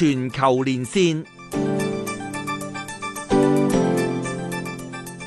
全球連線。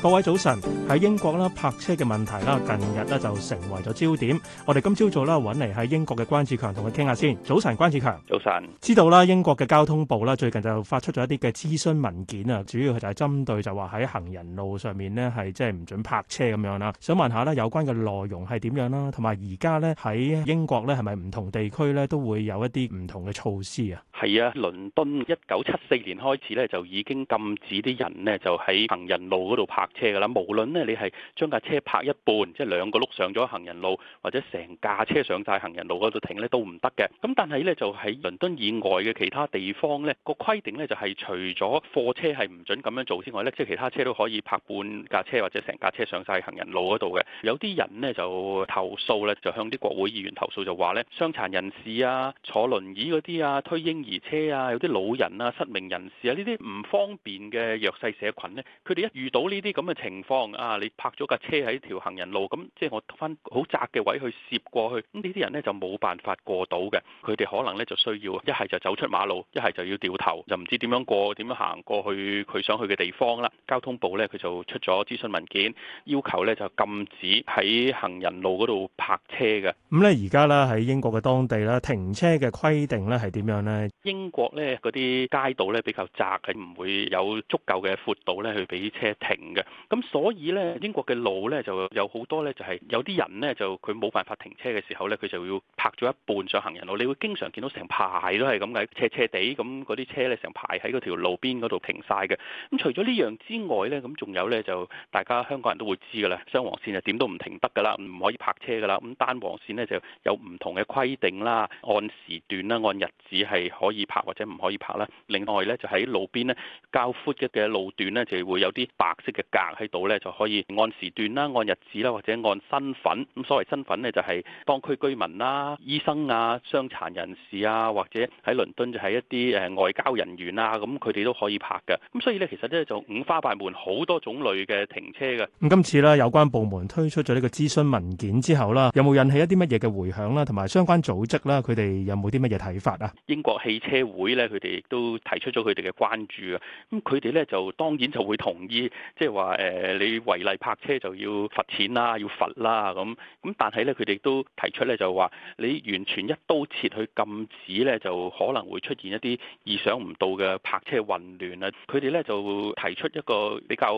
各位早晨，喺英國咧泊車嘅問題啦，近日咧就成為咗焦點。我哋今朝早咧揾嚟喺英國嘅關志強同佢傾下先。早晨，關志強，早晨。知道啦，英國嘅交通部啦，最近就發出咗一啲嘅諮詢文件啊，主要就係針對就話喺行人路上面咧係即係唔准泊車咁樣啦。想問下咧有關嘅內容係點樣啦，同埋而家咧喺英國咧係咪唔同地區咧都會有一啲唔同嘅措施啊？係啊，倫敦一九七四年開始咧就已經禁止啲人咧就喺行人路嗰度泊車噶啦，無論咧你係將架車泊一半，即係兩個轆上咗行人路，或者成架車上晒行人路嗰度停咧，都唔得嘅。咁但係咧就喺倫敦以外嘅其他地方咧，個規定咧就係除咗貨車係唔准咁樣做之外咧，即係其他車都可以泊半架車或者成架車上晒行人路嗰度嘅。有啲人咧就投訴咧，就向啲國會議員投訴就說，就話咧傷殘人士啊、坐輪椅嗰啲啊、推嬰兒車啊、有啲老人啊、失明人士啊呢啲唔方便嘅弱勢社群咧，佢哋一遇到呢啲咁。咁嘅情況啊！你泊咗架車喺條行人路，咁即係我得翻好窄嘅位去攝過去，咁呢啲人呢就冇辦法過到嘅。佢哋可能呢就需要一係就走出馬路，一係就要掉頭，就唔知點樣過、點樣行過去佢想去嘅地方啦。交通部呢，佢就出咗諮詢文件，要求呢就禁止喺行人路嗰度泊車嘅。咁呢而家咧喺英國嘅當地啦，停車嘅規定呢係點樣呢？英國呢嗰啲街道呢比較窄，唔會有足夠嘅闊度呢去俾車停嘅。咁所以咧，英國嘅路咧就有好多咧，就係有啲人咧就佢冇辦法停車嘅時候咧，佢就要泊咗一半上行人路。你會經常見到成排都係咁嘅，斜斜地咁嗰啲車咧成排喺嗰條路邊嗰度停晒嘅。咁除咗呢樣之外咧，咁仲有咧就大家香港人都會知嘅啦，雙黃線係點都唔停得噶啦，唔可以泊車噶啦。咁單黃線咧就有唔同嘅規定啦，按時段啦，按日子係可以泊或者唔可以泊啦。另外咧就喺路邊咧較寬嘅路段咧就會有啲白色嘅。格喺度咧就可以按時段啦、按日子啦，或者按身份。咁所謂身份呢，就係當區居民啦、醫生啊、傷殘人士啊，或者喺倫敦就係一啲誒外交人員啊，咁佢哋都可以泊嘅。咁所以咧，其實咧就五花八門好多種類嘅停車嘅。咁今次啦，有關部門推出咗呢個諮詢文件之後啦，有冇引起一啲乜嘢嘅回響啦？同埋相關組織啦，佢哋有冇啲乜嘢睇法啊？英國汽車會咧，佢哋亦都提出咗佢哋嘅關注啊。咁佢哋咧就當然就會同意，即係話。話誒，你違例泊車就要罰錢啦，要罰啦咁。咁但係咧，佢哋都提出咧，就話你完全一刀切去禁止咧，就可能會出現一啲意想唔到嘅泊車混亂啊。佢哋咧就提出一個比較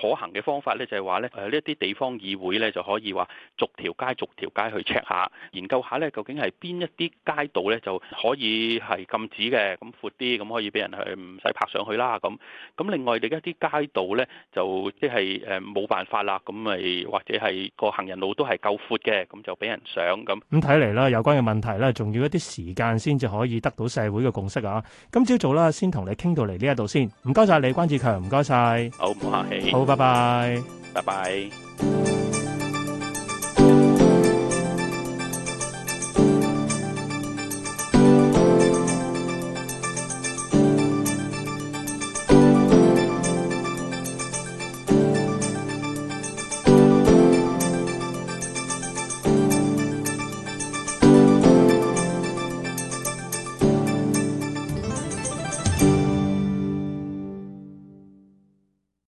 可行嘅方法咧，就係話咧誒呢一啲地方議會咧就可以話逐條街逐條街去 check 下，研究下咧究竟係邊一啲街道咧就可以係禁止嘅，咁闊啲，咁可以俾人去唔使泊上去啦。咁咁另外哋一啲街道咧就。即係誒，冇辦法啦，咁咪或者係個行人路都係夠闊嘅，咁就俾人上咁。咁睇嚟啦，有關嘅問題咧，仲要一啲時間先至可以得到社會嘅共識啊！今朝早啦，先同你傾到嚟呢一度先，唔該晒你，關志強，唔該晒，好唔客氣，好，拜拜，拜拜。